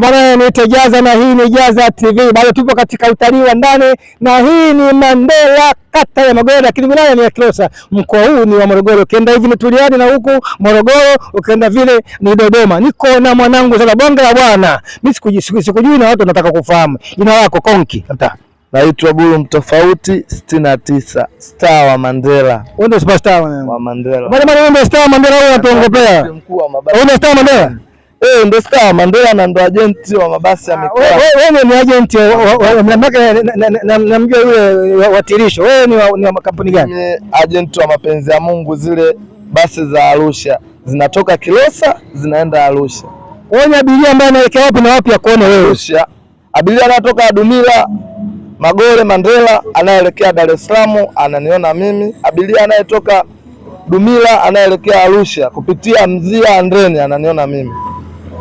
Bwana niite Jaza na hii ni Jaza TV. Bado tupo katika utalii wa ndani na hii ni Mandela kata ya Magore, lakini wilaya ni ya Kilosa. Mkoa huu ni wa Morogoro, ukienda hivi ni Tuliani na huku Morogoro, ukienda vile ni Dodoma. Niko na mwanangu sasa, bonge la bwana, mimi sikujui na watu nataka kufahamu jina lako Konki. Hata. naitwa Bulu Mtofauti 69 star wa Mandela. Wewe ndio superstar wa Mandela. Bwana, wewe ndio star wa Mandela, wewe unatuongopea. Wewe ndio star wa Mandela. Hey, ndo Mandela na ndo ajenti wa mabasi ya ah, mikoa. Wewe ni ajenti namjua yule watirisho. Wewe ni wa kampuni gani? Ajenti wa mapenzi ya Mungu, zile basi za Arusha zinatoka Kilosa zinaenda Arusha. Wewe ni abiria ambaye anaelekea wapi na wapi akuone wewe? Arusha. Abiria anatoka Dumila Magore Mandela anaelekea Dar es Salaam ananiona mimi. Abiria anayetoka Dumila anaelekea Arusha kupitia Mzia Andreni ananiona mimi.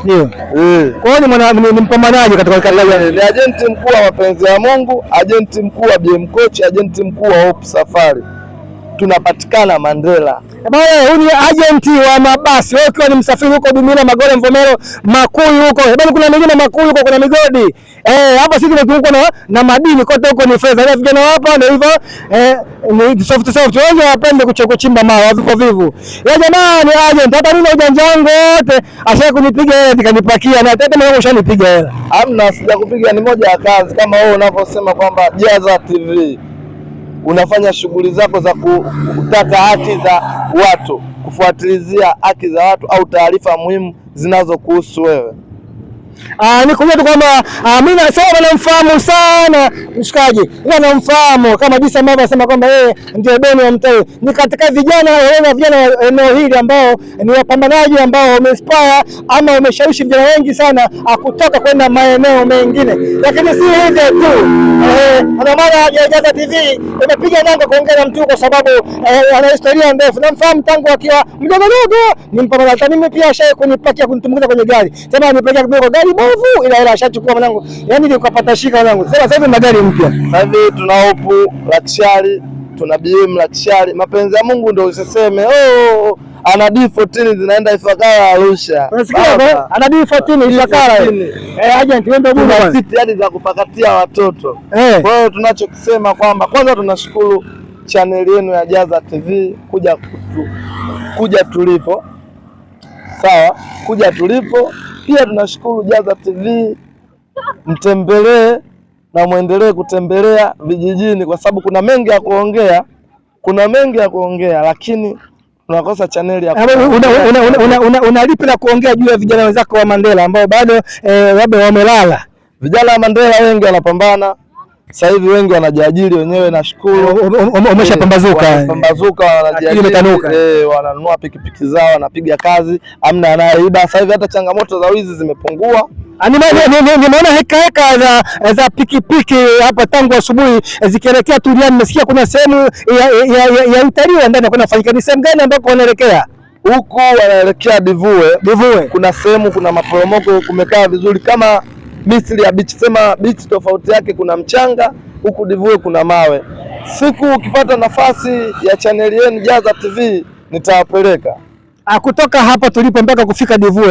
Ndio. Eh. Kwa hiyo ni ni mpambanaji katika kazi Ni ajenti mkuu wa mapenzi ya Mungu, ajenti mkuu wa BM Coach, ajenti mkuu wa Hope Safari tunapatikana Mandela. Bwana huyu ni agent wa mabasi. Wewe ukiwa ni msafiri huko Dumila, Magore, Mvomero, Makuyu huko. Bwana kuna mengine Makuyu huko, kuna migodi. Eh, hapa sisi tunazungukwa na na madini kote huko ni fedha. Na vijana hapa ndio hivyo eh ni soft soft. Wao wapende kuchoko chimba mawe vipo vivu. Ya jamaa ni agent. Hata mimi na ujanja wangu wote ashaye kunipiga hela nikanipakia na hata mimi ushanipiga hela. Hamna, sija kupiga ni moja ya kazi kama wewe unavyosema kwamba Jaza TV unafanya shughuli zako za kutaka haki za watu, kufuatilizia haki za watu au taarifa muhimu zinazokuhusu wewe. Ah, ni Nikwambia tu kwamba ah, mimi na nasema namfahamu sana mshikaji, ila namfahamu kama jinsi ambavyo anasema kwamba yeye ndio beni wa mtaa. Ni katika vijana wale na vijana wa eneo hili ambao ni wapambanaji ambao wamespaa ama wameshawishi vijana wengi sana akutoka ah, kwenda maeneo mengine, lakini si hivyo tu. Eh, Ndio maana Jaza TV imepiga nanga kuongea na mtu, kwa sababu eh, ana historia ndefu. Namfahamu tangu akiwa mdogo mdogo, ni mpambanaji. Mimi pia shaye kunipakia kunitumbukiza kwenye gari, tena nipeleka kwa gari bovu, ila ila ashachukua mwanangu, yani ile ukapata shika mwanangu. Sasa sasa magari mpya sasa hivi tuna Hopu Luxury, tuna BM Luxury. Mapenzi ya Mungu ndio usiseme oh, oh, oh ana D14 zinaenda Ifakara Arusha. Unasikia ba? Ana D14 Ifakara. Eh, agent wewe ndio bwana. Sisi yani za kupakatia watoto. Eh. Kwa hiyo tunachokisema kwamba kwanza tunashukuru channel yenu ya Jaza TV kuja kutu, kuja tulipo. Sawa? Kuja tulipo pia tunashukuru Jaza TV, mtembelee na mwendelee kutembelea vijijini, kwa sababu kuna mengi ya kuongea, kuna mengi ya kuongea, lakini tunakosa chaneli ya unalipi la kuongea juu ya vijana wenzako wa Mandela ambao bado eh, labda eh, wamelala. Vijana wa Mandela wengi wanapambana sasa hivi wengi wanajiajiri wenyewe, nashukuru. Umeshapambazuka, eh, pambazuka, wanajiajiri, eh, wananunua pikipiki zao, wanapiga kazi, amna anayeiba. Sasa hivi hata changamoto za wizi zimepungua. Ah, nimeona heka heka za za pikipiki hapa tangu asubuhi eh, zikielekea Turiani. Nimesikia kuna sehemu ya utalii ndani fanyika, ni sehemu gani ambako wanaelekea? Huku wanaelekea Divue, Divue kuna sehemu, kuna maporomoko, kumekaa vizuri kama Misri ya beach, sema beach tofauti yake kuna mchanga, huku divue kuna mawe. Siku ukipata nafasi ya chaneli yenu Jaza TV nitawapeleka. Ah, kutoka hapa tulipo mpaka kufika Divoe